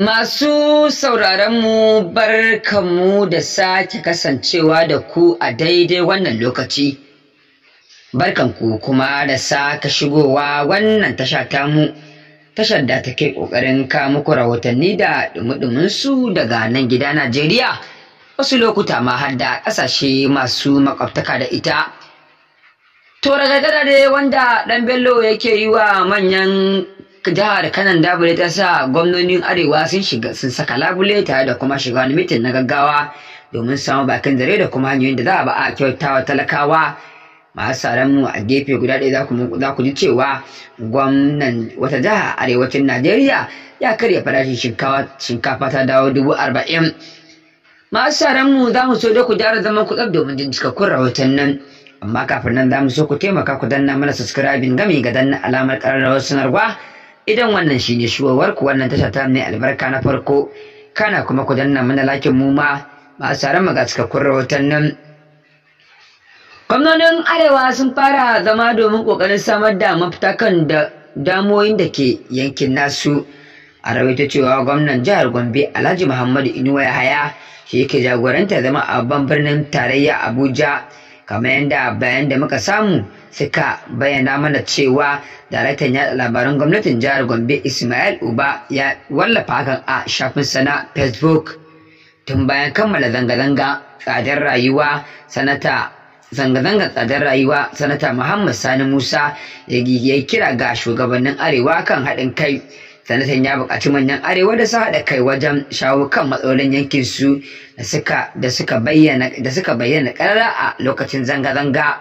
Masu sauraronmu barkanmu da sake kasancewa da ku a daidai wannan lokaci. ku kuma da sake shigowa wannan tasha tamu, tashar da take ƙoƙarin muku rahotanni da ɗumi daga nan gida Najeriya, wasu lokuta ma har da ƙasashe masu makwabtaka da ita. To daga dai wanda ɗan Bello yake yi wa manyan jihar kanan dabule ta sa gwamnonin arewa sun shiga sun saka labule tare da kuma shiga wani mitin na gaggawa domin samun bakin zare da kuma hanyoyin da za a ba a kyautawa talakawa masu tsaron mu a gefe guda ɗaya za ku ji cewa gwamnan wata jiha arewacin najeriya ya karya farashin shinkafa ta dawo dubu arba'in masu tsaron mu za mu so da ku gyara zaman ku tsab domin jin cikakkun rahoton nan amma kafin nan za mu so ku taimaka ku danna mana subscribing gami ga danna alamar ƙararrawar sanarwa idan wannan ne shuwawar ku wannan tasha ta mai albarka na farko kana kuma ku danna mana lakin mu ma masu taron maga cikakkun rahoton nan gwamnonin arewa sun fara zama domin kokarin samar da mafita kan da damoyin da ke yankin nasu a rawaita cewa gwamnan jihar gombe alhaji muhammadu inuwa yahaya shi yake jagoranta zama a babban birnin tarayya abuja kamar yadda bayan da muka samu suka bayyana mana cewa daraktan yaɗa labaran gwamnatin jihar gombe ismail uba ya wallafa hakan a shafin sana facebook tun bayan kammala zanga-zanga tsadar rayuwa sanata zanga-zangar tsadar rayuwa sanata muhammad sani musa ya kira ga shugabannin arewa kan haɗin kai sanatan ya buƙaci manyan arewa da su haɗa kai wajen shawo kan matsalolin yankin su da suka bayyana ƙarara a lokacin zanga-zanga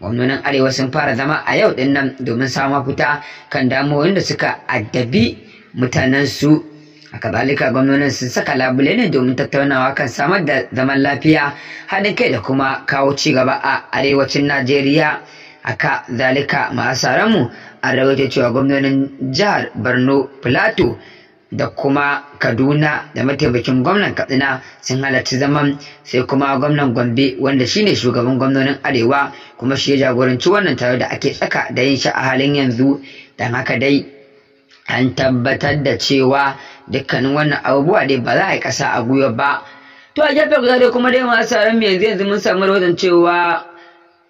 gwamnonin arewa sun fara zama a yau din nan domin samun mafita kan damuwoyin da suka addabi mutanensu a kazalika gwamnonin sun saka labule ne domin tattaunawa kan samar da zaman lafiya haɗin kai da kuma kawo ci gaba a arewacin najeriya a zalika masu mu an rawaito cewa gwamnonin jihar borno plateau da kuma kaduna da mataimakin gwamnan katsina sun halarci zaman sai kuma gwamnan gombe wanda shi ne shugaban gwamnonin arewa kuma shi ya jagoranci wannan taro da ake tsaka da yin shi a halin yanzu don haka dai an tabbatar da cewa dukkanin wannan abubuwa dai ba za a yi kasa a gwiwa ba to a gefe guda dai kuma dai masu sauran yanzu yanzu mun samu rahoton cewa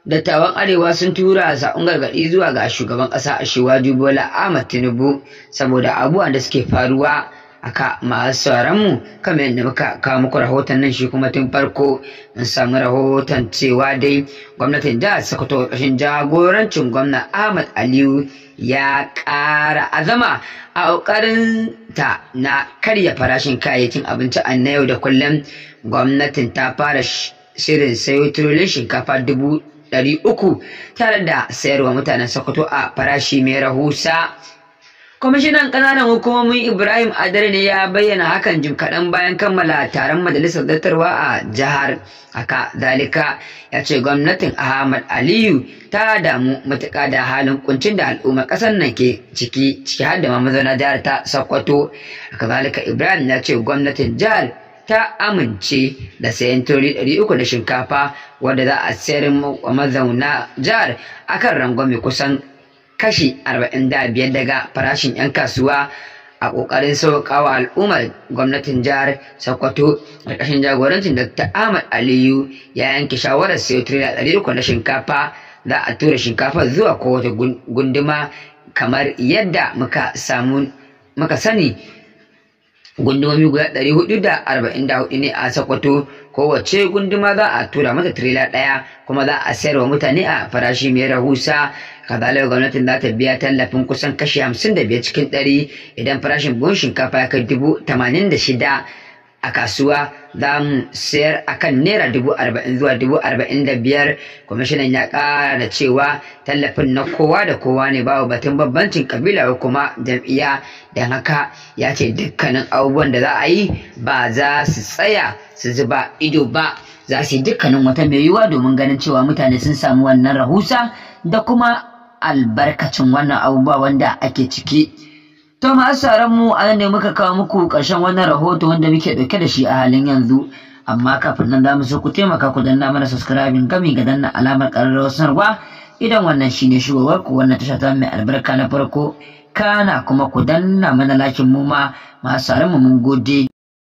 dattawan arewa sun tura saƙon gargaɗi zuwa ga shugaban ƙasa a shewa Bola Ahmad Tinubu saboda abubuwan da suke faruwa aka masu mu kamar yadda muka kawo muku rahoton nan shi kuma tun farko In samu rahoton cewa dai gwamnatin jihar sokoto ƙarshen jagorancin gwamna ahmad aliyu ya ƙara azama a ƙoƙarin ta na karya farashin kayayyakin abinci a na yau da kullum gwamnatin ta fara shirin sayo tirolin shinkafa dubu ɗari tare da sayarwa mutanen sokoto a farashi mai rahusa kwamishinan ƙananan hukumomin ibrahim adar ne ya bayyana hakan jim kaɗan bayan kammala taron majalisar dattarwa a jihar aka zalika ya ce gwamnatin ahmad aliyu ta damu matuƙa da halin kuncin da al'umma ƙasar nan ke ciki ciki har da mazauna jihar ta sokoto Aka zalika ibrahim ya ce gwamnatin jihar ta amince da sayan tori 300 na shinkafa wadda za a sayar wa mazauna jihar akan rangwame kusan kashi 45 daga farashin 'yan kasuwa a ƙoƙarin sauƙawa al'ummar gwamnatin jihar sokoto ƙarƙashin jagorancin dr ahmad aliyu ya yanke shawarar sayo ɗari 300 na shinkafa za a tura shinkafa zuwa kowace gunduma kamar yadda muka sani gundumomi guda ɗari hudu da da arba'in hudu ne a Sokoto kowace gunduma za a tura mata tirela ɗaya kuma za a sayar wa mutane a farashi mai rahusa kazalawa gwamnatin za ta biya tallafin kusan kashi hamsin da biyar cikin ɗari, idan farashin buhun shinkafa ya kai dubu tamanin da shida. a kasuwa za mu sayar a kan naira dubu arba'in zuwa dubu arba'in da biyar kwamishinan ya ƙara da cewa tallafin na kowa da kowa ne babu batun bambancin kabila ko kuma jam'iyya don haka ya ce dukkanin abubuwan da za a yi ba za su tsaya su zuba ido ba za su yi dukkanin wata mai yiwuwa domin ganin cewa mutane sun samu wannan rahusa da kuma albarkacin wannan abubuwa wanda ake ciki. To masu mu a nan ne muka kawo muku ƙarshen wannan rahoto wanda muke ɗauke da shi a halin yanzu. Amma kafin nan za mu so ku taimaka ku danna mana subscribe gami ga danna alamar ƙararrawar sanarwa idan wannan shine shigowar ku wannan tasha ta mai albarka na farko. Kana kuma ku danna mana lakin mu ma mu mun gode.